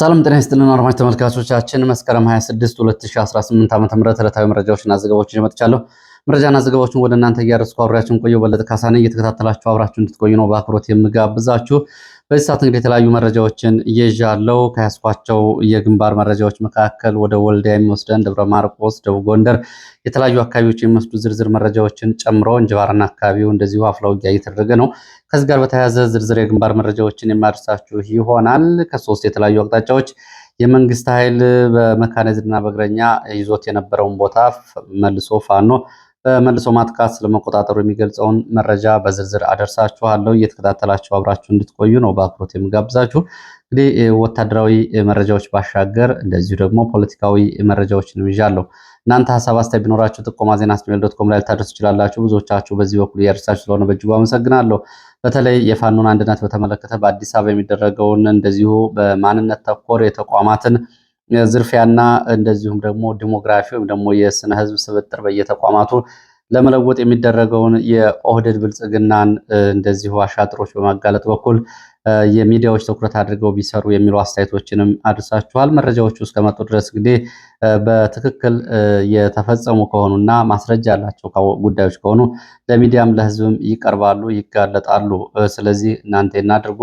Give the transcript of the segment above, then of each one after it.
ሰላም ጤና ይስጥልን አድማጭ ተመልካቾቻችን መስከረም 26 2018 ዓ.ም ዕለታዊ መረጃዎችና ዘገባዎችን መጥቻለሁ። መረጃና ዘገባዎችን ወደ እናንተ እያደረስኩ አብሬያችሁን ቆየው በለጠ ካሳነ እየተከታተላችሁ አብራችሁ እንድትቆዩ ነው በአክብሮት የምጋብዛችሁ። በዚህ ሰዓት እንግዲህ የተለያዩ መረጃዎችን ይዣለሁ። ከያዝኳቸው የግንባር መረጃዎች መካከል ወደ ወልዲያ የሚወስደን ደብረ ማርቆስ፣ ደቡብ ጎንደር የተለያዩ አካባቢዎች የሚወስዱ ዝርዝር መረጃዎችን ጨምሮ እንጅባርና አካባቢው እንደዚሁ አፍላ ውጊያ እየተደረገ ነው። ከዚህ ጋር በተያያዘ ዝርዝር የግንባር መረጃዎችን የማደርሳችሁ ይሆናል። ከሶስት የተለያዩ አቅጣጫዎች የመንግስት ኃይል በመካናይዝድና በእግረኛ ይዞት የነበረውን ቦታ መልሶ ፋኖ መልሶ ማጥቃት ስለመቆጣጠሩ የሚገልጸውን መረጃ በዝርዝር አደርሳችኋለሁ። እየተከታተላችሁ አብራችሁ እንድትቆዩ ነው በአክብሮት የምጋብዛችሁ። እንግዲህ ወታደራዊ መረጃዎች ባሻገር እንደዚሁ ደግሞ ፖለቲካዊ መረጃዎችን ይዣለሁ። እናንተ ሀሳብ አስተያየት ቢኖራችሁ ጥቆማ ዜና ጂሜል ዶት ኮም ላይ ልታደርሱ ይችላላችሁ። ብዙዎቻችሁ በዚህ በኩል እያደርሳችሁ ስለሆነ በእጅጉ አመሰግናለሁ። በተለይ የፋኖን አንድነት በተመለከተ በአዲስ አበባ የሚደረገውን እንደዚሁ በማንነት ተኮር የተቋማትን ዝርፊያና እንደዚሁም ደግሞ ዲሞግራፊ ወይም ደግሞ የስነ ህዝብ ስብጥር በየተቋማቱ ለመለወጥ የሚደረገውን የኦህደድ ብልጽግናን እንደዚሁ አሻጥሮች በማጋለጥ በኩል የሚዲያዎች ትኩረት አድርገው ቢሰሩ የሚሉ አስተያየቶችንም አድርሳችኋል። መረጃዎቹ እስከመጡ ድረስ እንግዲህ በትክክል የተፈጸሙ ከሆኑና ማስረጃ ያላቸው ጉዳዮች ከሆኑ ለሚዲያም ለህዝብም ይቀርባሉ፣ ይጋለጣሉ። ስለዚህ እናንተ እናድርጎ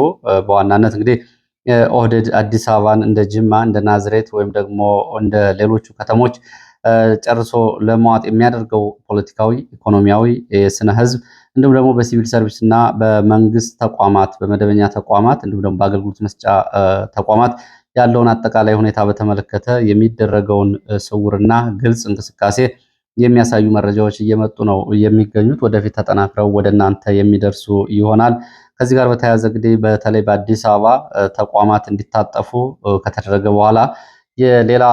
በዋናነት እንግዲህ ኦህዴድ አዲስ አበባን እንደ ጅማ እንደ ናዝሬት ወይም ደግሞ እንደ ሌሎቹ ከተሞች ጨርሶ ለመዋጥ የሚያደርገው ፖለቲካዊ፣ ኢኮኖሚያዊ፣ የስነ ህዝብ እንዲሁም ደግሞ በሲቪል ሰርቪስ እና በመንግስት ተቋማት በመደበኛ ተቋማት እንዲሁም ደግሞ በአገልግሎት መስጫ ተቋማት ያለውን አጠቃላይ ሁኔታ በተመለከተ የሚደረገውን ስውርና ግልጽ እንቅስቃሴ የሚያሳዩ መረጃዎች እየመጡ ነው የሚገኙት። ወደፊት ተጠናክረው ወደ እናንተ የሚደርሱ ይሆናል። ከዚህ ጋር በተያያዘ እንግዲህ በተለይ በአዲስ አበባ ተቋማት እንዲታጠፉ ከተደረገ በኋላ የሌላ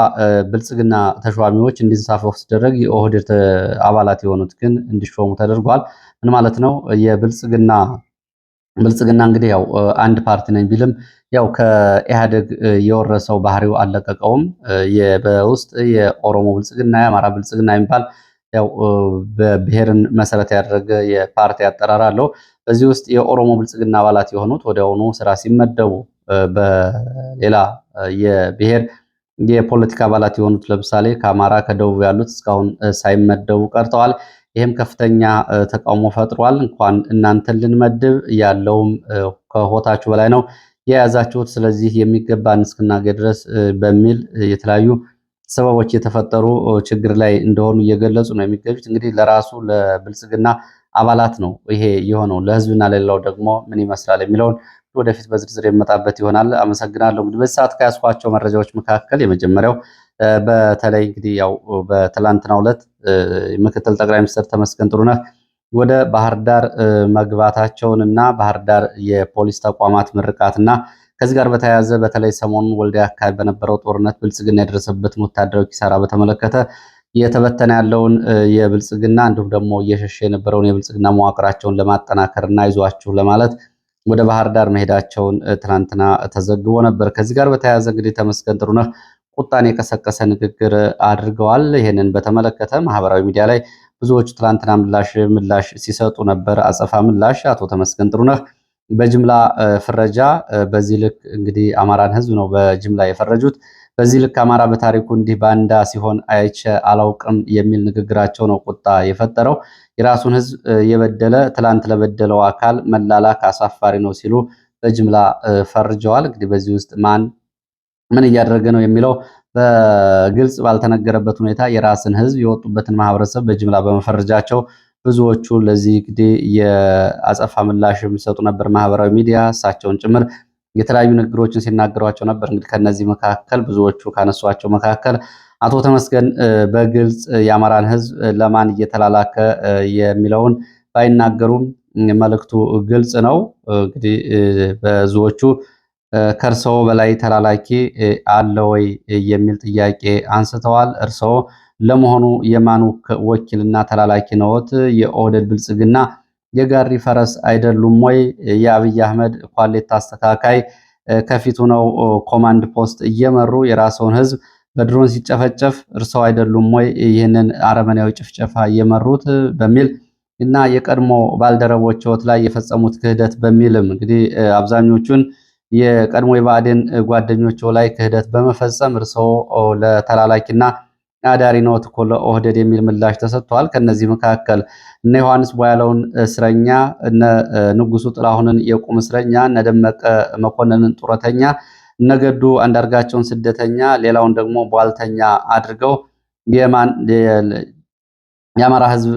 ብልጽግና ተሿሚዎች እንዲንሳፈፉ ሲደረግ የኦህዴድ አባላት የሆኑት ግን እንዲሾሙ ተደርጓል። ምን ማለት ነው? የብልጽግና ብልጽግና እንግዲህ ያው አንድ ፓርቲ ነኝ ቢልም ያው ከኢህአደግ የወረሰው ባህሪው አለቀቀውም በውስጥ የኦሮሞ ብልጽግና፣ የአማራ ብልጽግና የሚባል ያው በብሔርን መሰረት ያደረገ የፓርቲ አጠራር አለው። በዚህ ውስጥ የኦሮሞ ብልጽግና አባላት የሆኑት ወዲያውኑ ስራ ሲመደቡ፣ በሌላ የብሔር የፖለቲካ አባላት የሆኑት ለምሳሌ ከአማራ ከደቡብ ያሉት እስካሁን ሳይመደቡ ቀርተዋል። ይህም ከፍተኛ ተቃውሞ ፈጥሯል። እንኳን እናንተን ልንመድብ ያለውም ከሆታችሁ በላይ ነው የያዛችሁት፣ ስለዚህ የሚገባ እስክናገኝ ድረስ በሚል የተለያዩ ሰበቦች የተፈጠሩ ችግር ላይ እንደሆኑ እየገለጹ ነው የሚገኙት። እንግዲህ ለራሱ ለብልጽግና አባላት ነው ይሄ የሆነው። ለህዝብና ለሌላው ደግሞ ምን ይመስላል የሚለውን ወደፊት በዝርዝር የመጣበት ይሆናል። አመሰግናለሁ። እንግዲህ በዚህ ሰዓት ከያዝኳቸው መረጃዎች መካከል የመጀመሪያው በተለይ እንግዲህ ያው በትላንትናው ዕለት ምክትል ጠቅላይ ሚኒስትር ተመስገን ጥሩነህ ወደ ባህር ዳር መግባታቸውን እና ባህር ዳር የፖሊስ ተቋማት ምርቃት እና ከዚህ ጋር በተያያዘ በተለይ ሰሞኑን ወልዲያ አካባቢ በነበረው ጦርነት ብልጽግና የደረሰበትን ወታደራዊ ኪሳራ በተመለከተ እየተበተነ ያለውን የብልጽግና እንዲሁም ደግሞ እየሸሸ የነበረውን የብልጽግና መዋቅራቸውን ለማጠናከር እና ይዟችሁ ለማለት ወደ ባህር ዳር መሄዳቸውን ትናንትና ተዘግቦ ነበር። ከዚህ ጋር በተያያዘ እንግዲህ ተመስገን ጥሩነህ ቁጣን የቀሰቀሰ ንግግር አድርገዋል። ይህንን በተመለከተ ማህበራዊ ሚዲያ ላይ ብዙዎቹ ትላንትና ምላሽ ምላሽ ሲሰጡ ነበር። አጸፋ ምላሽ አቶ ተመስገን ጥሩነህ በጅምላ ፍረጃ በዚህ ልክ እንግዲህ አማራን ህዝብ ነው በጅምላ የፈረጁት። በዚህ ልክ አማራ በታሪኩ እንዲህ ባንዳ ሲሆን አይቼ አላውቅም የሚል ንግግራቸው ነው ቁጣ የፈጠረው። የራሱን ህዝብ የበደለ ትላንት ለበደለው አካል መላላክ አሳፋሪ ነው ሲሉ በጅምላ ፈርጀዋል። እንግዲህ በዚህ ውስጥ ማን ምን እያደረገ ነው የሚለው በግልጽ ባልተነገረበት ሁኔታ የራስን ህዝብ የወጡበትን ማህበረሰብ በጅምላ በመፈረጃቸው ብዙዎቹ ለዚህ እንግዲህ የአጸፋ ምላሽ የሚሰጡ ነበር ማህበራዊ ሚዲያ እሳቸውን ጭምር የተለያዩ ንግግሮችን ሲናገሯቸው ነበር። እንግዲህ ከነዚህ መካከል ብዙዎቹ ካነሷቸው መካከል አቶ ተመስገን በግልጽ የአማራን ሕዝብ ለማን እየተላላከ የሚለውን ባይናገሩም መልእክቱ ግልጽ ነው። እንግዲህ ብዙዎቹ ከእርስዎ በላይ ተላላኪ አለ ወይ የሚል ጥያቄ አንስተዋል። እርስዎ ለመሆኑ የማን ወኪልና ተላላኪ ነዎት? የኦህዴድ ብልጽግና የጋሪ ፈረስ አይደሉም ወይ? የአብይ አህመድ ኳሌት አስተካካይ ከፊቱ ነው ኮማንድ ፖስት እየመሩ የራስውን ህዝብ በድሮን ሲጨፈጨፍ እርሰው አይደሉም ወይ ይህንን አረመናዊ ጭፍጨፋ እየመሩት በሚል እና የቀድሞ ባልደረቦች ህይወት ላይ የፈጸሙት ክህደት በሚልም እንግዲህ አብዛኞቹን የቀድሞ የባዕዴን ጓደኞች ላይ ክህደት በመፈጸም እርሰው ለተላላኪና አዳሪ ነዎት እኮ ለኦህደድ የሚል ምላሽ ተሰጥቷል። ከነዚህ መካከል እነ ዮሐንስ ቧያለውን እስረኛ፣ እነ ንጉሱ ጥላሁንን የቁም እስረኛ፣ እነ ደመቀ መኮንንን ጡረተኛ፣ እነ ገዱ አንዳርጋቸውን ስደተኛ፣ ሌላውን ደግሞ ቧልተኛ አድርገው የአማራ ህዝብ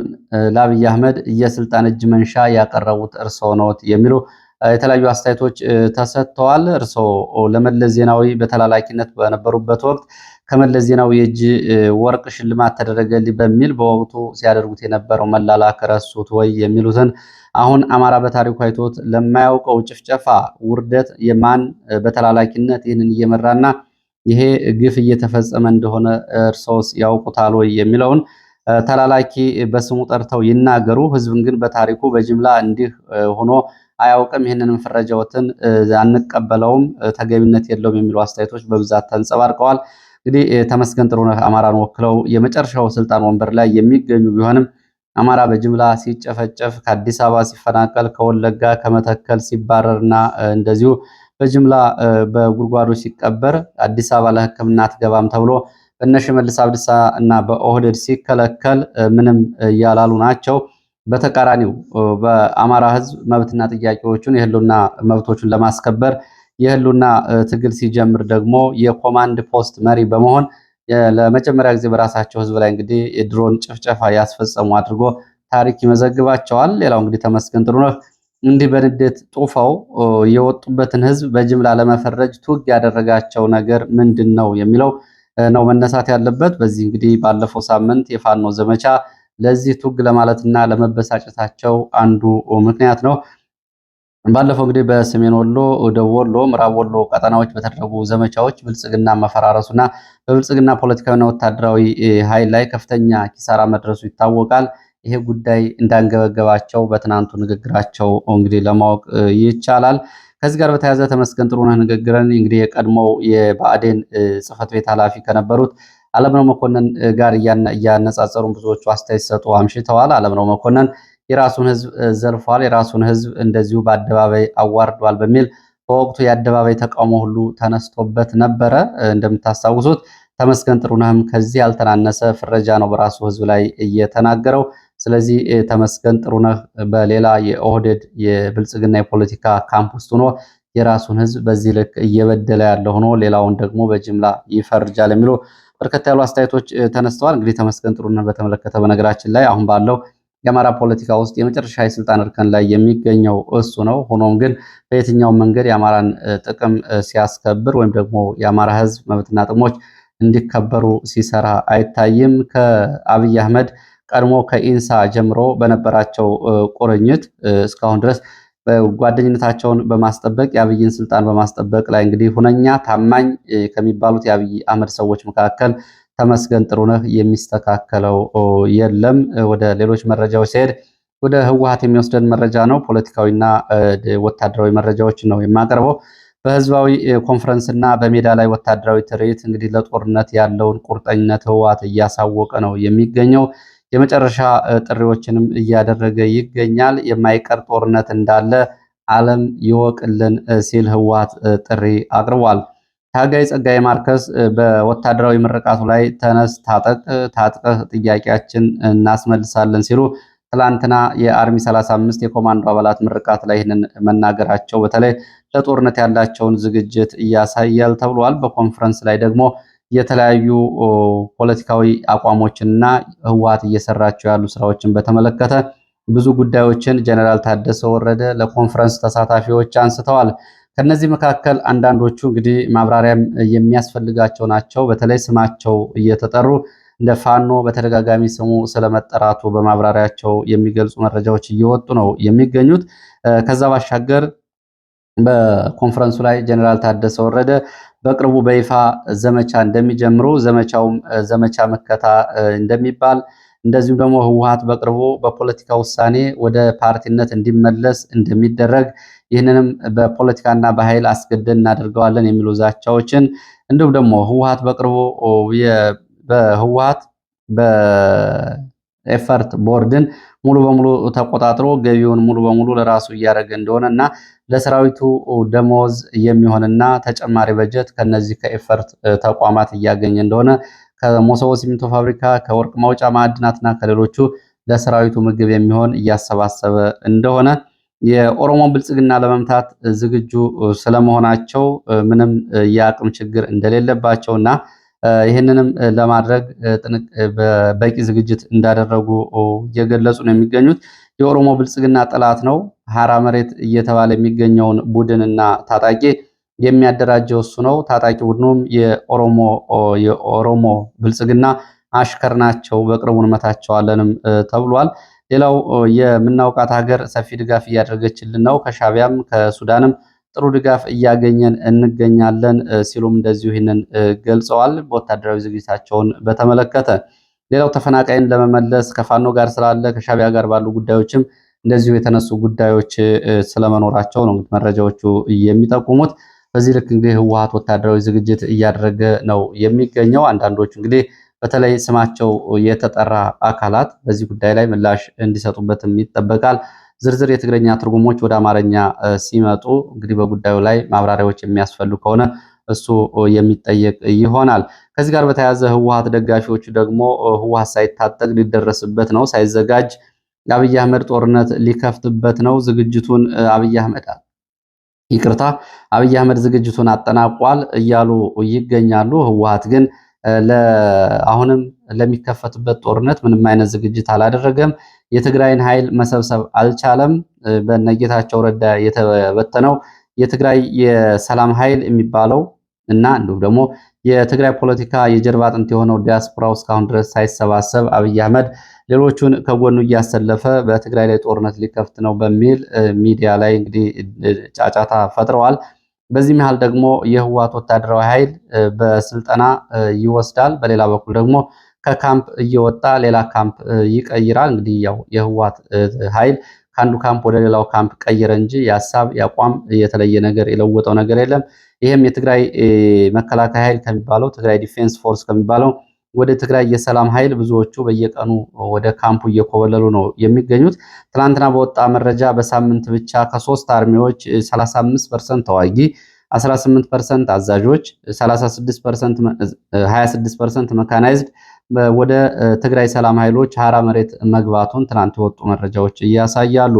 ለአብይ አህመድ የስልጣን እጅ መንሻ ያቀረቡት እርስዎ ነዎት የሚሉ የተለያዩ አስተያየቶች ተሰጥተዋል። እርስዎ ለመለስ ዜናዊ በተላላኪነት በነበሩበት ወቅት ከመለስ ዜናዊ የእጅ ወርቅ ሽልማት ተደረገልኝ በሚል በወቅቱ ሲያደርጉት የነበረው መላላክ ረሱት ወይ የሚሉትን አሁን አማራ በታሪኩ አይቶት ለማያውቀው ጭፍጨፋ፣ ውርደት የማን በተላላኪነት ይህንን እየመራና ይሄ ግፍ እየተፈጸመ እንደሆነ እርሶስ ያውቁታል ወይ የሚለውን ተላላኪ በስሙ ጠርተው ይናገሩ። ህዝብን ግን በታሪኩ በጅምላ እንዲህ ሆኖ አያውቅም። ይህንንም ፍረጃዎትን አንቀበለውም፣ ተገቢነት የለውም የሚሉ አስተያየቶች በብዛት ተንጸባርቀዋል። እንግዲህ ተመስገን ጥሩነህ አማራን ወክለው የመጨረሻው ስልጣን ወንበር ላይ የሚገኙ ቢሆንም አማራ በጅምላ ሲጨፈጨፍ፣ ከአዲስ አበባ ሲፈናቀል፣ ከወለጋ ከመተከል ሲባረርና እንደዚሁ በጅምላ በጉድጓዶ ሲቀበር አዲስ አበባ ለሕክምና አትገባም ተብሎ በእነ ሽመልስ አብዲሳ እና በኦህደድ ሲከለከል ምንም እያላሉ ናቸው። በተቃራኒው በአማራ ሕዝብ መብትና ጥያቄዎቹን የህልውና መብቶቹን ለማስከበር የህልውና ትግል ሲጀምር ደግሞ የኮማንድ ፖስት መሪ በመሆን ለመጀመሪያ ጊዜ በራሳቸው ህዝብ ላይ እንግዲህ የድሮን ጭፍጨፋ ያስፈጸሙ አድርጎ ታሪክ ይመዘግባቸዋል። ሌላው እንግዲህ ተመስገን ጥሩነህ እንዲህ በንዴት ጡፈው የወጡበትን ህዝብ በጅምላ ለመፈረጅ ቱግ ያደረጋቸው ነገር ምንድን ነው የሚለው ነው መነሳት ያለበት። በዚህ እንግዲህ ባለፈው ሳምንት የፋኖ ዘመቻ ለዚህ ቱግ ለማለትና ለመበሳጨታቸው አንዱ ምክንያት ነው። ባለፈው እንግዲህ በሰሜን ወሎ፣ ደቡብ ወሎ፣ ምዕራብ ወሎ ቀጠናዎች በተደረጉ ዘመቻዎች ብልጽግና መፈራረሱና በብልጽግና ፖለቲካዊና ወታደራዊ ኃይል ላይ ከፍተኛ ኪሳራ መድረሱ ይታወቃል። ይሄ ጉዳይ እንዳንገበገባቸው በትናንቱ ንግግራቸው እንግዲህ ለማወቅ ይቻላል። ከዚህ ጋር በተያያዘ ተመስገን ጥሩነህ ንግግረን እንግዲህ የቀድሞው የባዕዴን ጽሕፈት ቤት ኃላፊ ከነበሩት አለምነው መኮንን ጋር እያነጻጸሩን ብዙዎቹ አስተያየት ሲሰጡ አምሽተዋል። አለምነው መኮንን የራሱን ህዝብ ዘልፏል፣ የራሱን ህዝብ እንደዚሁ በአደባባይ አዋርዷል በሚል በወቅቱ የአደባባይ ተቃውሞ ሁሉ ተነስቶበት ነበረ። እንደምታስታውሱት ተመስገን ጥሩነህም ከዚህ ያልተናነሰ ፍረጃ ነው በራሱ ህዝብ ላይ እየተናገረው። ስለዚህ ተመስገን ጥሩነህ በሌላ የኦህዴድ የብልጽግና የፖለቲካ ካምፕ ውስጥ ሆኖ የራሱን ህዝብ በዚህ ልክ እየበደለ ያለ ሆኖ ሌላውን ደግሞ በጅምላ ይፈርጃል የሚሉ በርከት ያሉ አስተያየቶች ተነስተዋል። እንግዲህ ተመስገን ጥሩነህ በተመለከተ በነገራችን ላይ አሁን ባለው የአማራ ፖለቲካ ውስጥ የመጨረሻ የስልጣን እርከን ላይ የሚገኘው እሱ ነው። ሆኖም ግን በየትኛው መንገድ የአማራን ጥቅም ሲያስከብር ወይም ደግሞ የአማራ ህዝብ መብትና ጥቅሞች እንዲከበሩ ሲሰራ አይታይም። ከአብይ አህመድ ቀድሞ ከኢንሳ ጀምሮ በነበራቸው ቁርኝት እስካሁን ድረስ ጓደኝነታቸውን በማስጠበቅ የአብይን ስልጣን በማስጠበቅ ላይ እንግዲህ ሁነኛ ታማኝ ከሚባሉት የአብይ አህመድ ሰዎች መካከል ተመስገን ጥሩነህ የሚስተካከለው የለም። ወደ ሌሎች መረጃዎች ሲሄድ ወደ ህወሀት የሚወስደን መረጃ ነው። ፖለቲካዊና ወታደራዊ መረጃዎችን ነው የማቀርበው። በህዝባዊ ኮንፈረንስና በሜዳ ላይ ወታደራዊ ትርኢት እንግዲህ ለጦርነት ያለውን ቁርጠኝነት ህወሀት እያሳወቀ ነው የሚገኘው። የመጨረሻ ጥሪዎችንም እያደረገ ይገኛል። የማይቀር ጦርነት እንዳለ ዓለም ይወቅልን ሲል ህወሀት ጥሪ አቅርቧል። ታጋይ ጸጋይ ማርከስ በወታደራዊ ምርቃቱ ላይ ተነስ ታጠቅ ታጥቀህ ጥያቄያችን እናስመልሳለን ሲሉ ትላንትና የአርሚ 35 የኮማንዶ አባላት ምርቃት ላይ ይህንን መናገራቸው በተለይ ለጦርነት ያላቸውን ዝግጅት እያሳያል ተብሏል። በኮንፈረንስ ላይ ደግሞ የተለያዩ ፖለቲካዊ አቋሞችንና ህወሓት እየሰራቸው ያሉ ስራዎችን በተመለከተ ብዙ ጉዳዮችን ጀነራል ታደሰ ወረደ ለኮንፈረንስ ተሳታፊዎች አንስተዋል። ከነዚህ መካከል አንዳንዶቹ እንግዲህ ማብራሪያም የሚያስፈልጋቸው ናቸው። በተለይ ስማቸው እየተጠሩ እንደ ፋኖ በተደጋጋሚ ስሙ ስለመጠራቱ በማብራሪያቸው የሚገልጹ መረጃዎች እየወጡ ነው የሚገኙት። ከዛ ባሻገር በኮንፈረንሱ ላይ ጀኔራል ታደሰ ወረደ በቅርቡ በይፋ ዘመቻ እንደሚጀምሩ ዘመቻውም ዘመቻ መከታ እንደሚባል እንደዚሁም ደግሞ ህወሓት በቅርቡ በፖለቲካ ውሳኔ ወደ ፓርቲነት እንዲመለስ እንደሚደረግ ይህንንም በፖለቲካና በኃይል አስገደን እናደርገዋለን የሚሉ ዛቻዎችን እንዲሁም ደግሞ ህወሀት በቅርቡ በህወሀት በኤፈርት ቦርድን ሙሉ በሙሉ ተቆጣጥሮ ገቢውን ሙሉ በሙሉ ለራሱ እያደረገ እንደሆነ እና ለሰራዊቱ ደሞዝ የሚሆንና ተጨማሪ በጀት ከነዚህ ከኤፈርት ተቋማት እያገኘ እንደሆነ ከሞሰቦ ሲሚንቶ ፋብሪካ ከወርቅ ማውጫ ማዕድናትና ከሌሎቹ ለሰራዊቱ ምግብ የሚሆን እያሰባሰበ እንደሆነ የኦሮሞ ብልጽግና ለመምታት ዝግጁ ስለመሆናቸው ምንም የአቅም ችግር እንደሌለባቸው እና ይህንንም ለማድረግ በቂ ዝግጅት እንዳደረጉ እየገለጹ ነው የሚገኙት። የኦሮሞ ብልጽግና ጠላት ነው ሀራ መሬት እየተባለ የሚገኘውን ቡድንና ታጣቂ የሚያደራጀው እሱ ነው። ታጣቂ ቡድኑም የኦሮሞ ብልጽግና አሽከር ናቸው፣ በቅርቡ እንመታቸዋለንም ተብሏል። ሌላው የምናውቃት ሀገር ሰፊ ድጋፍ እያደረገችልን ነው። ከሻቢያም ከሱዳንም ጥሩ ድጋፍ እያገኘን እንገኛለን ሲሉም እንደዚሁ ይህንን ገልጸዋል። በወታደራዊ ዝግጅታቸውን በተመለከተ ሌላው ተፈናቃይን ለመመለስ ከፋኖ ጋር ስላለ ከሻቢያ ጋር ባሉ ጉዳዮችም እንደዚሁ የተነሱ ጉዳዮች ስለመኖራቸው ነው እንግዲህ መረጃዎቹ የሚጠቁሙት። በዚህ ልክ እንግዲህ ህወሓት ወታደራዊ ዝግጅት እያደረገ ነው የሚገኘው። አንዳንዶቹ እንግዲህ በተለይ ስማቸው የተጠራ አካላት በዚህ ጉዳይ ላይ ምላሽ እንዲሰጡበትም ይጠበቃል። ዝርዝር የትግረኛ ትርጉሞች ወደ አማርኛ ሲመጡ እንግዲህ በጉዳዩ ላይ ማብራሪያዎች የሚያስፈልጉ ከሆነ እሱ የሚጠየቅ ይሆናል። ከዚህ ጋር በተያያዘ ህወሀት ደጋፊዎቹ ደግሞ ህወሀት ሳይታጠቅ ሊደረስበት ነው፣ ሳይዘጋጅ አብይ አህመድ ጦርነት ሊከፍትበት ነው፣ ዝግጅቱን አብይ አህመድ ይቅርታ፣ አብይ አህመድ ዝግጅቱን አጠናቋል እያሉ ይገኛሉ። ህወሀት ግን አሁንም ለሚከፈትበት ጦርነት ምንም አይነት ዝግጅት አላደረገም። የትግራይን ኃይል መሰብሰብ አልቻለም። በነጌታቸው ረዳ የተበተነው የትግራይ የሰላም ኃይል የሚባለው እና እንዲሁም ደግሞ የትግራይ ፖለቲካ የጀርባ አጥንት የሆነው ዲያስፖራው እስካሁን ድረስ ሳይሰባሰብ አብይ አህመድ ሌሎቹን ከጎኑ እያሰለፈ በትግራይ ላይ ጦርነት ሊከፍት ነው በሚል ሚዲያ ላይ እንግዲህ ጫጫታ ፈጥረዋል። በዚህ መሃል ደግሞ የህዋት ወታደራዊ ኃይል በስልጠና ይወስዳል። በሌላ በኩል ደግሞ ከካምፕ እየወጣ ሌላ ካምፕ ይቀይራል። እንግዲህ ያው የህወሓት ኃይል ከአንዱ ካምፕ ወደ ሌላው ካምፕ ቀይረ እንጂ የሀሳብ የአቋም የተለየ ነገር የለወጠው ነገር የለም። ይህም የትግራይ መከላከያ ኃይል ከሚባለው ትግራይ ዲፌንስ ፎርስ ከሚባለው ወደ ትግራይ የሰላም ኃይል ብዙዎቹ በየቀኑ ወደ ካምፑ እየኮበለሉ ነው የሚገኙት። ትናንትና በወጣ መረጃ በሳምንት ብቻ ከሶስት አርሚዎች 35 ፐርሰንት ተዋጊ፣ 18 ፐርሰንት አዛዦች፣ 26 ፐርሰንት መካናይዝድ ወደ ትግራይ ሰላም ኃይሎች ሀራ መሬት መግባቱን ትናንት የወጡ መረጃዎች እያሳያሉ።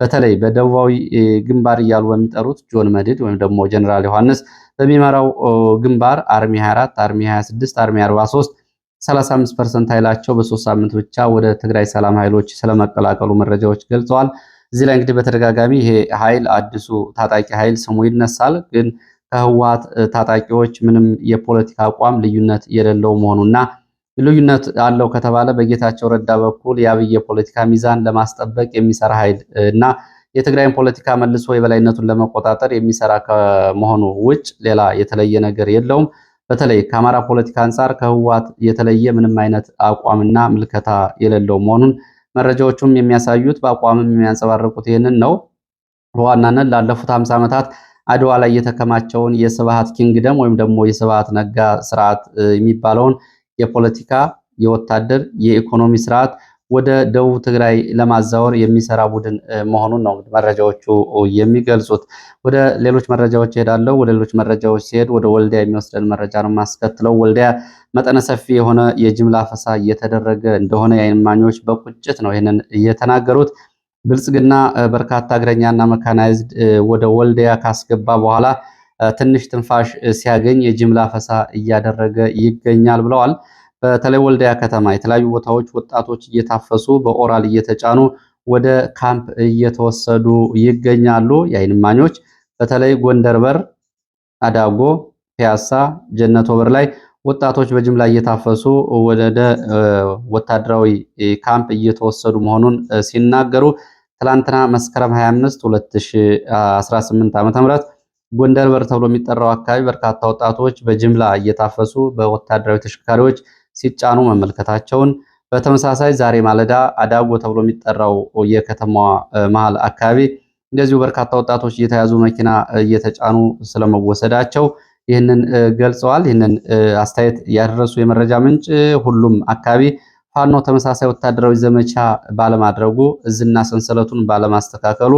በተለይ በደቡባዊ ግንባር እያሉ በሚጠሩት ጆን መድድ ወይም ደግሞ ጀኔራል ዮሐንስ በሚመራው ግንባር አርሚ 24፣ አርሚ 26፣ አርሚ 43 35 ፐርሰንት ኃይላቸው በሶስት ሳምንት ብቻ ወደ ትግራይ ሰላም ኃይሎች ስለመቀላቀሉ መረጃዎች ገልጸዋል። እዚህ ላይ እንግዲህ በተደጋጋሚ ይሄ ኃይል አዲሱ ታጣቂ ኃይል ስሙ ይነሳል፣ ግን ከህወሓት ታጣቂዎች ምንም የፖለቲካ አቋም ልዩነት የሌለው መሆኑና ልዩነት አለው ከተባለ በጌታቸው ረዳ በኩል የአብይ የፖለቲካ ሚዛን ለማስጠበቅ የሚሰራ ኃይል እና የትግራይን ፖለቲካ መልሶ የበላይነቱን ለመቆጣጠር የሚሰራ ከመሆኑ ውጭ ሌላ የተለየ ነገር የለውም። በተለይ ከአማራ ፖለቲካ አንጻር ከህወሓት የተለየ ምንም አይነት አቋምና ምልከታ የሌለው መሆኑን መረጃዎቹም የሚያሳዩት በአቋምም የሚያንጸባርቁት ይህንን ነው። በዋናነት ላለፉት ሃምሳ ዓመታት አድዋ ላይ የተከማቸውን የስብሃት ኪንግደም ወይም ደግሞ የስብሃት ነጋ ስርዓት የሚባለውን የፖለቲካ የወታደር የኢኮኖሚ ስርዓት ወደ ደቡብ ትግራይ ለማዛወር የሚሰራ ቡድን መሆኑን ነው መረጃዎቹ የሚገልጹት። ወደ ሌሎች መረጃዎች ይሄዳለው። ወደ ሌሎች መረጃዎች ሲሄድ ወደ ወልዲያ የሚወስደን መረጃ ነው የማስከትለው። ወልዲያ መጠነ ሰፊ የሆነ የጅምላ ፈሳ እየተደረገ እንደሆነ የዓይን እማኞች በቁጭት ነው ይህንን እየተናገሩት። ብልጽግና በርካታ እግረኛና መካናይዝድ ወደ ወልዲያ ካስገባ በኋላ ትንሽ ትንፋሽ ሲያገኝ የጅምላ ፈሳ እያደረገ ይገኛል ብለዋል። በተለይ ወልዲያ ከተማ የተለያዩ ቦታዎች ወጣቶች እየታፈሱ በኦራል እየተጫኑ ወደ ካምፕ እየተወሰዱ ይገኛሉ። የዓይን እማኞች በተለይ ጎንደር በር፣ አዳጎ፣ ፒያሳ፣ ጀነት ወበር ላይ ወጣቶች በጅምላ እየታፈሱ ወደ ወታደራዊ ካምፕ እየተወሰዱ መሆኑን ሲናገሩ ትላንትና መስከረም 25 2018 ዓ.ም ጎንደር በር ተብሎ የሚጠራው አካባቢ በርካታ ወጣቶች በጅምላ እየታፈሱ በወታደራዊ ተሽከርካሪዎች ሲጫኑ መመልከታቸውን በተመሳሳይ ዛሬ ማለዳ አዳጎ ተብሎ የሚጠራው የከተማዋ መሀል አካባቢ እንደዚሁ በርካታ ወጣቶች እየተያዙ መኪና እየተጫኑ ስለመወሰዳቸው ይህንን ገልጸዋል። ይህንን አስተያየት ያደረሱ የመረጃ ምንጭ ሁሉም አካባቢ ፋኖ ተመሳሳይ ወታደራዊ ዘመቻ ባለማድረጉ እዝና ሰንሰለቱን ባለማስተካከሉ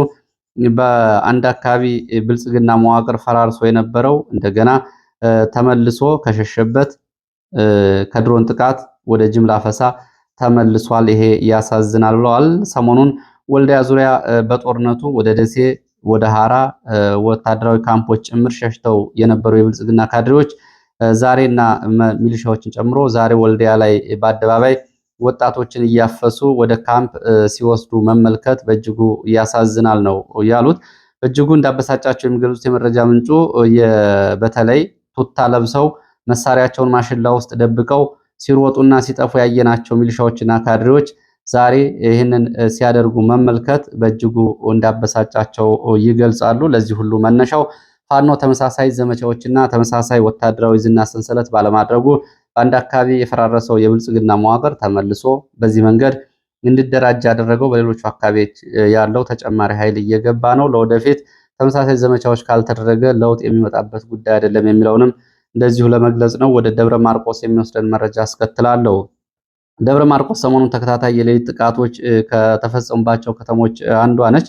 በአንድ አካባቢ ብልጽግና መዋቅር ፈራርሶ የነበረው እንደገና ተመልሶ ከሸሸበት ከድሮን ጥቃት ወደ ጅምላ ፈሳ ተመልሷል። ይሄ ያሳዝናል ብለዋል። ሰሞኑን ወልዲያ ዙሪያ በጦርነቱ ወደ ደሴ፣ ወደ ሐራ ወታደራዊ ካምፖች ጭምር ሸሽተው የነበሩ የብልጽግና ካድሬዎች ዛሬና ሚሊሻዎችን ጨምሮ ዛሬ ወልዲያ ላይ በአደባባይ ወጣቶችን እያፈሱ ወደ ካምፕ ሲወስዱ መመልከት በእጅጉ ያሳዝናል ነው ያሉት። በእጅጉ እንዳበሳጫቸው የሚገልጹት የመረጃ ምንጩ በተለይ ቱታ ለብሰው መሳሪያቸውን ማሽላ ውስጥ ደብቀው ሲሮጡና ሲጠፉ ያየናቸው ሚሊሻዎችና ካድሬዎች ዛሬ ይህንን ሲያደርጉ መመልከት በእጅጉ እንዳበሳጫቸው ይገልጻሉ። ለዚህ ሁሉ መነሻው ፋኖ ተመሳሳይ ዘመቻዎችና ተመሳሳይ ወታደራዊ ዝና ሰንሰለት ባለማድረጉ በአንድ አካባቢ የፈራረሰው የብልጽግና መዋቅር ተመልሶ በዚህ መንገድ እንዲደራጅ ያደረገው በሌሎቹ አካባቢዎች ያለው ተጨማሪ ኃይል እየገባ ነው። ለወደፊት ተመሳሳይ ዘመቻዎች ካልተደረገ ለውጥ የሚመጣበት ጉዳይ አይደለም የሚለውንም እንደዚሁ ለመግለጽ ነው። ወደ ደብረ ማርቆስ የሚወስደን መረጃ አስከትላለሁ። ደብረ ማርቆስ ሰሞኑን ተከታታይ የሌሊት ጥቃቶች ከተፈጸሙባቸው ከተሞች አንዷ ነች።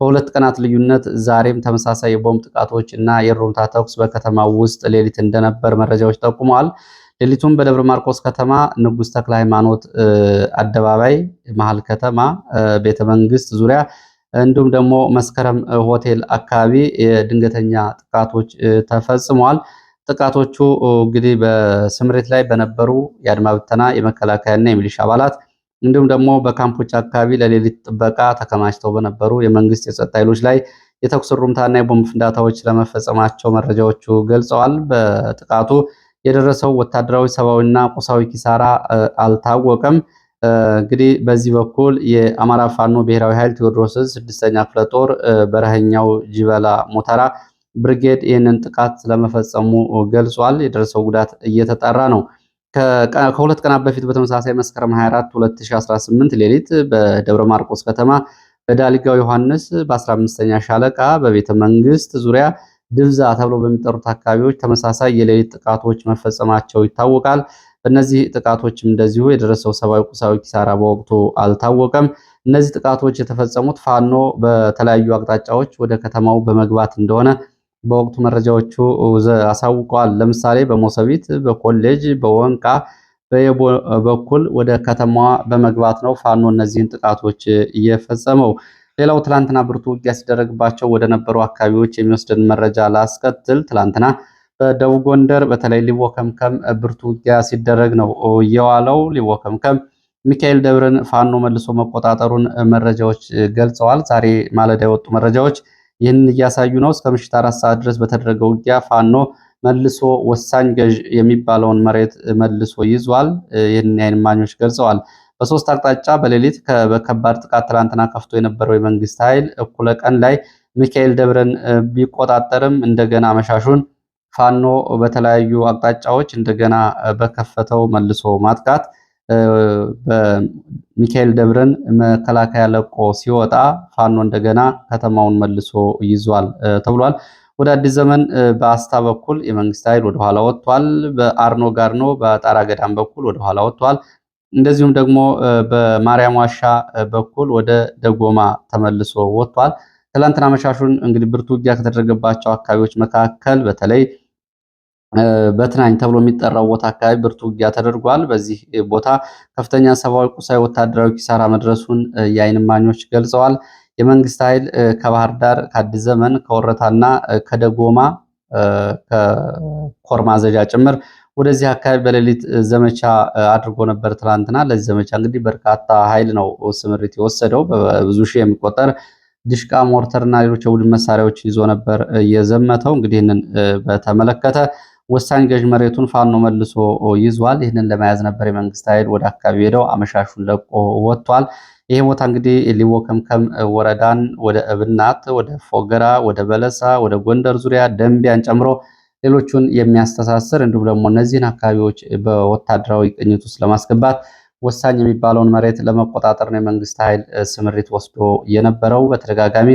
በሁለት ቀናት ልዩነት ዛሬም ተመሳሳይ የቦምብ ጥቃቶች እና የሩምታ ተኩስ በከተማው ውስጥ ሌሊት እንደነበር መረጃዎች ጠቁመዋል። ሌሊቱም በደብረ ማርቆስ ከተማ ንጉሥ ተክለ ሃይማኖት አደባባይ፣ መሀል ከተማ፣ ቤተ መንግስት ዙሪያ እንዲሁም ደግሞ መስከረም ሆቴል አካባቢ የድንገተኛ ጥቃቶች ተፈጽመዋል። ጥቃቶቹ እንግዲህ በስምሪት ላይ በነበሩ የአድማ ብተና የመከላከያና የሚሊሻ አባላት እንዲሁም ደግሞ በካምፖች አካባቢ ለሌሊት ጥበቃ ተከማችተው በነበሩ የመንግስት የጸጥታ ኃይሎች ላይ የተኩስ ሩምታና የቦምብ ፍንዳታዎች ለመፈጸማቸው መረጃዎቹ ገልጸዋል። በጥቃቱ የደረሰው ወታደራዊ ሰብአዊና ቁሳዊ ኪሳራ አልታወቀም። እንግዲህ በዚህ በኩል የአማራ ፋኖ ብሔራዊ ኃይል ቴዎድሮስ ስድስተኛ ክፍለ ጦር በረሃኛው ጅበላ ሞተራ ብርጌድ ይህንን ጥቃት ስለመፈጸሙ ገልጿል። የደረሰው ጉዳት እየተጠራ ነው። ከሁለት ቀናት በፊት በተመሳሳይ መስከረም 24 2018 ሌሊት በደብረ ማርቆስ ከተማ በዳሊጋው ዮሐንስ በ15ኛ ሻለቃ በቤተ መንግስት ዙሪያ ድብዛ ተብሎ በሚጠሩት አካባቢዎች ተመሳሳይ የሌሊት ጥቃቶች መፈጸማቸው ይታወቃል። በእነዚህ ጥቃቶችም እንደዚሁ የደረሰው ሰብአዊ፣ ቁሳዊ ኪሳራ በወቅቱ አልታወቀም። እነዚህ ጥቃቶች የተፈጸሙት ፋኖ በተለያዩ አቅጣጫዎች ወደ ከተማው በመግባት እንደሆነ በወቅቱ መረጃዎቹ አሳውቀዋል። ለምሳሌ በሞሰቢት፣ በኮሌጅ፣ በወንቃ በየቦ በኩል ወደ ከተማዋ በመግባት ነው ፋኖ እነዚህን ጥቃቶች እየፈጸመው። ሌላው ትላንትና ብርቱ ውጊያ ሲደረግባቸው ወደ ነበሩ አካባቢዎች የሚወስድን መረጃ ላስከትል። ትላንትና በደቡብ ጎንደር በተለይ ሊቦ ከምከም ብርቱ ውጊያ ሲደረግ ነው የዋለው። ሊቦ ከምከም ሚካኤል ደብርን ፋኖ መልሶ መቆጣጠሩን መረጃዎች ገልጸዋል። ዛሬ ማለዳ የወጡ መረጃዎች ይህንን እያሳዩ ነው። እስከ ምሽት አራት ሰዓት ድረስ በተደረገ ውጊያ ፋኖ መልሶ ወሳኝ ገዥ የሚባለውን መሬት መልሶ ይዟል። ይህን የዓይን እማኞች ገልጸዋል። በሶስት አቅጣጫ በሌሊት በከባድ ጥቃት ትላንትና ከፍቶ የነበረው የመንግስት ኃይል እኩለ ቀን ላይ ሚካኤል ደብረን ቢቆጣጠርም እንደገና መሻሹን ፋኖ በተለያዩ አቅጣጫዎች እንደገና በከፈተው መልሶ ማጥቃት በሚካኤል ደብረን መከላከያ ለቆ ሲወጣ ፋኖ እንደገና ከተማውን መልሶ ይዟል ተብሏል። ወደ አዲስ ዘመን በአስታ በኩል የመንግስት ኃይል ወደኋላ ወጥቷል። በአርኖ ጋርኖ በጣራ ገዳም በኩል ወደኋላ ወጥቷል። እንደዚሁም ደግሞ በማርያም ዋሻ በኩል ወደ ደጎማ ተመልሶ ወጥቷል። ትላንትና መሻሹን እንግዲህ ብርቱ ውጊያ ከተደረገባቸው አካባቢዎች መካከል በተለይ በትናኝ ተብሎ የሚጠራው ቦታ አካባቢ ብርቱ ውጊያ ተደርጓል። በዚህ ቦታ ከፍተኛ ሰብአዊ፣ ቁሳዊ፣ ወታደራዊ ኪሳራ መድረሱን የአይንማኞች እማኞች ገልጸዋል። የመንግስት ኃይል ከባህር ዳር፣ ከአዲስ ዘመን፣ ከወረታና ከደጎማ ከኮርማ ዘዣ ጭምር ወደዚህ አካባቢ በሌሊት ዘመቻ አድርጎ ነበር ትላንትና። ለዚህ ዘመቻ እንግዲህ በርካታ ኃይል ነው ስምሪት የወሰደው በብዙ ሺህ የሚቆጠር ድሽቃ ሞርተርና ሌሎች የቡድን መሳሪያዎች ይዞ ነበር የዘመተው። እንግዲህ ይህንን በተመለከተ ወሳኝ ገዥ መሬቱን ፋኖ መልሶ ይዟል። ይህንን ለመያዝ ነበር የመንግስት ኃይል ወደ አካባቢ ሄደው አመሻሹን ለቆ ወጥቷል። ይሄ ቦታ እንግዲህ ሊወከምከም ወረዳን ወደ እብናት፣ ወደ ፎገራ፣ ወደ በለሳ፣ ወደ ጎንደር ዙሪያ ደንቢያን ጨምሮ ሌሎቹን የሚያስተሳስር እንዲሁም ደግሞ እነዚህን አካባቢዎች በወታደራዊ ቅኝት ውስጥ ለማስገባት ወሳኝ የሚባለውን መሬት ለመቆጣጠር ነው የመንግስት ኃይል ስምሪት ወስዶ የነበረው። በተደጋጋሚ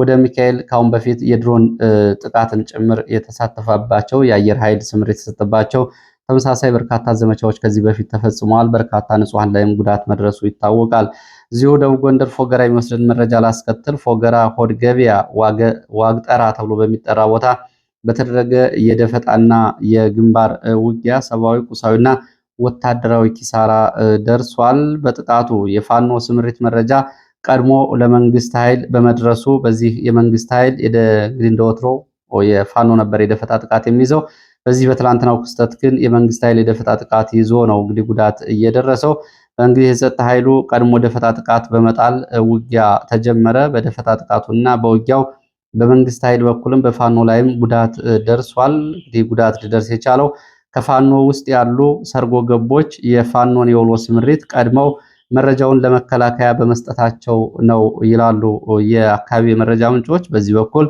ወደ ሚካኤል ካሁን በፊት የድሮን ጥቃትን ጭምር የተሳተፈባቸው የአየር ኃይል ስምሪት የተሰጠባቸው ተመሳሳይ በርካታ ዘመቻዎች ከዚህ በፊት ተፈጽመዋል። በርካታ ንጹሐን ላይም ጉዳት መድረሱ ይታወቃል። እዚሁ ደቡብ ጎንደር ፎገራ የሚወስድን መረጃ ላስከትል። ፎገራ ሆድ ገቢያ ዋግጠራ ተብሎ በሚጠራ ቦታ በተደረገ የደፈጣና የግንባር ውጊያ ሰብአዊ ቁሳዊና ወታደራዊ ኪሳራ ደርሷል። በጥቃቱ የፋኖ ስምሪት መረጃ ቀድሞ ለመንግስት ኃይል በመድረሱ በዚህ የመንግስት ኃይል እንደወትሮ የፋኖ ነበር የደፈጣ ጥቃት የሚይዘው። በዚህ በትላንትናው ክስተት ግን የመንግስት ኃይል የደፈጣ ጥቃት ይዞ ነው እንግዲህ ጉዳት እየደረሰው። በእንግዲህ የጸጥታ ኃይሉ ቀድሞ ደፈጣ ጥቃት በመጣል ውጊያ ተጀመረ። በደፈጣ እና በውጊያው በመንግስት ኃይል በኩልም በፋኖ ላይም ጉዳት ደርሷል። እንግዲህ ጉዳት ሊደርስ የቻለው ከፋኖ ውስጥ ያሉ ሰርጎ ገቦች የፋኖን የውሎ ስምሪት ቀድመው መረጃውን ለመከላከያ በመስጠታቸው ነው ይላሉ የአካባቢ መረጃ ምንጮች። በዚህ በኩል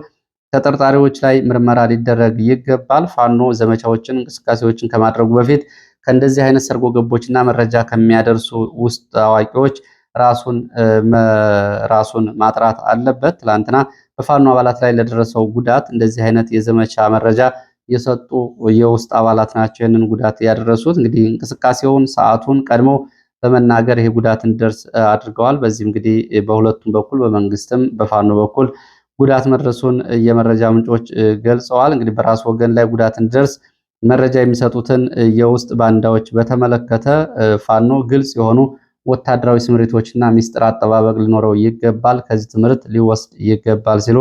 ተጠርጣሪዎች ላይ ምርመራ ሊደረግ ይገባል። ፋኖ ዘመቻዎችን፣ እንቅስቃሴዎችን ከማድረጉ በፊት ከእንደዚህ አይነት ሰርጎ ገቦችና መረጃ ከሚያደርሱ ውስጥ አዋቂዎች ራሱን ማጥራት አለበት። ትላንትና በፋኖ አባላት ላይ ለደረሰው ጉዳት እንደዚህ አይነት የዘመቻ መረጃ የሰጡ የውስጥ አባላት ናቸው ይህንን ጉዳት ያደረሱት። እንግዲህ እንቅስቃሴውን፣ ሰዓቱን ቀድሞ በመናገር ይሄ ጉዳት እንዲደርስ አድርገዋል። በዚህ እንግዲህ በሁለቱም በኩል በመንግስትም በፋኖ በኩል ጉዳት መድረሱን የመረጃ ምንጮች ገልጸዋል። እንግዲህ በራስ ወገን ላይ ጉዳት እንዲደርስ መረጃ የሚሰጡትን የውስጥ ባንዳዎች በተመለከተ ፋኖ ግልጽ የሆኑ ወታደራዊ ስምሪቶችና ሚስጥር አጠባበቅ ሊኖረው ይገባል፣ ከዚህ ትምህርት ሊወስድ ይገባል ሲሉ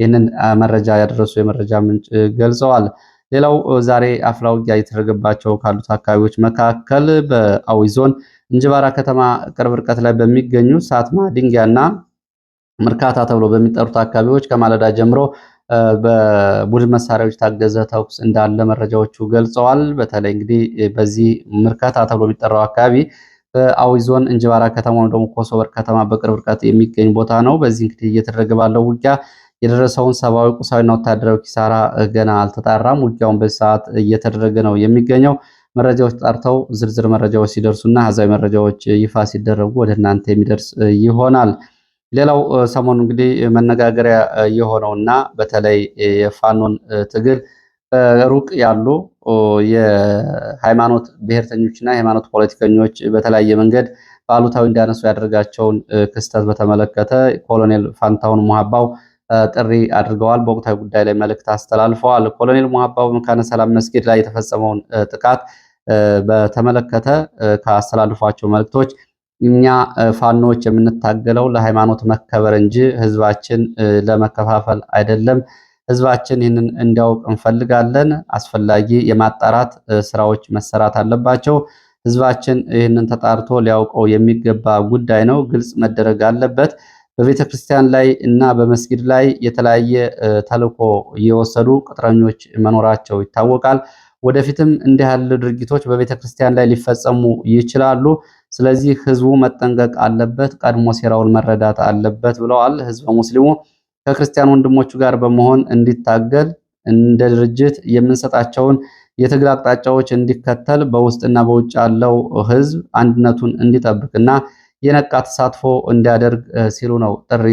ይህንን መረጃ ያደረሱ የመረጃ ምንጭ ገልጸዋል። ሌላው ዛሬ አፍላ ውጊያ እየተደረገባቸው ካሉት አካባቢዎች መካከል በአዊ ዞን እንጅባራ ከተማ ቅርብ ርቀት ላይ በሚገኙ ሳትማ ድንጋያና ምርካታ ተብሎ በሚጠሩት አካባቢዎች ከማለዳ ጀምሮ በቡድን መሳሪያዎች ታገዘ ተኩስ እንዳለ መረጃዎቹ ገልጸዋል። በተለይ እንግዲህ በዚህ ምርካታ ተብሎ የሚጠራው አካባቢ በአዊ ዞን እንጅባራ ከተማ ወይም ደግሞ ኮሶበር ከተማ በቅርብ ርቀት የሚገኝ ቦታ ነው። በዚህ እንግዲህ እየተደረገ ባለው ውጊያ የደረሰውን ሰብአዊ ቁሳዊና ወታደራዊ ኪሳራ ገና አልተጣራም። ውጊያውን በዚህ ሰዓት እየተደረገ ነው የሚገኘው። መረጃዎች ጣርተው ዝርዝር መረጃዎች ሲደርሱና አሃዛዊ መረጃዎች ይፋ ሲደረጉ ወደ እናንተ የሚደርስ ይሆናል። ሌላው ሰሞኑ እንግዲህ መነጋገሪያ የሆነውና በተለይ የፋኖን ትግል በሩቅ ያሉ የሃይማኖት ብሔርተኞችና የሃይማኖት ፖለቲከኞች በተለያየ መንገድ በአሉታዊ እንዲያነሱ ያደረጋቸውን ክስተት በተመለከተ ኮሎኔል ፋንታሁን ሙሀባው ጥሪ አድርገዋል። በወቅታዊ ጉዳይ ላይ መልእክት አስተላልፈዋል። ኮሎኔል ሙሀባቡ መካነ ሰላም መስጊድ ላይ የተፈጸመውን ጥቃት በተመለከተ ካስተላልፏቸው መልእክቶች እኛ ፋኖች የምንታገለው ለሃይማኖት መከበር እንጂ ህዝባችን ለመከፋፈል አይደለም። ህዝባችን ይህንን እንዲያውቅ እንፈልጋለን። አስፈላጊ የማጣራት ስራዎች መሰራት አለባቸው። ህዝባችን ይህንን ተጣርቶ ሊያውቀው የሚገባ ጉዳይ ነው። ግልጽ መደረግ አለበት። በቤተ ክርስቲያን ላይ እና በመስጊድ ላይ የተለያየ ተልዕኮ የወሰዱ ቅጥረኞች መኖራቸው ይታወቃል። ወደፊትም እንዲህ ያሉ ድርጊቶች በቤተ ክርስቲያን ላይ ሊፈጸሙ ይችላሉ። ስለዚህ ህዝቡ መጠንቀቅ አለበት፣ ቀድሞ ሴራውን መረዳት አለበት ብለዋል። ህዝበ ሙስሊሙ ከክርስቲያን ወንድሞቹ ጋር በመሆን እንዲታገል እንደ ድርጅት የምንሰጣቸውን የትግል አቅጣጫዎች እንዲከተል በውስጥና በውጭ ያለው ህዝብ አንድነቱን እንዲጠብቅና የነቃ ተሳትፎ እንዲያደርግ ሲሉ ነው ጥሪ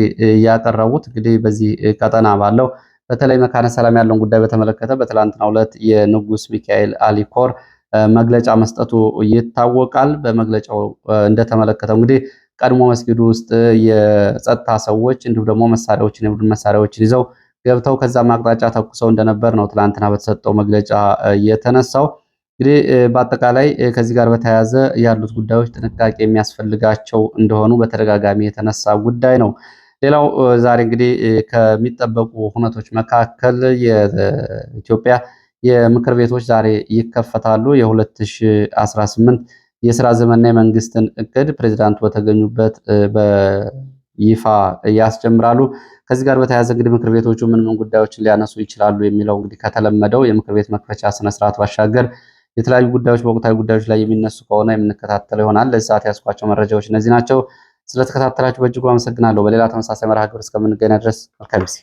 ያቀረቡት። እንግዲህ በዚህ ቀጠና ባለው በተለይ መካነ ሰላም ያለውን ጉዳይ በተመለከተ በትላንትናው ዕለት የንጉስ ሚካኤል አሊኮር መግለጫ መስጠቱ ይታወቃል። በመግለጫው እንደተመለከተው እንግዲህ ቀድሞ መስጊዱ ውስጥ የጸጥታ ሰዎች እንዲሁም ደግሞ መሳሪያዎችን የቡድን መሳሪያዎችን ይዘው ገብተው ከዛም አቅጣጫ ተኩሰው እንደነበር ነው ትላንትና በተሰጠው መግለጫ የተነሳው። እንግዲህ በአጠቃላይ ከዚህ ጋር በተያያዘ ያሉት ጉዳዮች ጥንቃቄ የሚያስፈልጋቸው እንደሆኑ በተደጋጋሚ የተነሳ ጉዳይ ነው። ሌላው ዛሬ እንግዲህ ከሚጠበቁ ሁነቶች መካከል የኢትዮጵያ የምክር ቤቶች ዛሬ ይከፈታሉ። የ2018 የስራ ዘመንና የመንግስትን እቅድ ፕሬዚዳንቱ በተገኙበት በይፋ ያስጀምራሉ። ከዚህ ጋር በተያያዘ እንግዲህ ምክር ቤቶቹ ምን ምን ጉዳዮችን ሊያነሱ ይችላሉ የሚለው እንግዲህ ከተለመደው የምክር ቤት መክፈቻ ስነስርዓት ባሻገር የተለያዩ ጉዳዮች በወቅታዊ ጉዳዮች ላይ የሚነሱ ከሆነ የምንከታተለው ይሆናል። ለዚህ ሰዓት ያስኳቸው መረጃዎች እነዚህ ናቸው። ስለተከታተላችሁ በእጅጉ አመሰግናለሁ። በሌላ ተመሳሳይ መርሃ ግብር እስከምንገናኝ ድረስ መልካም ጊዜ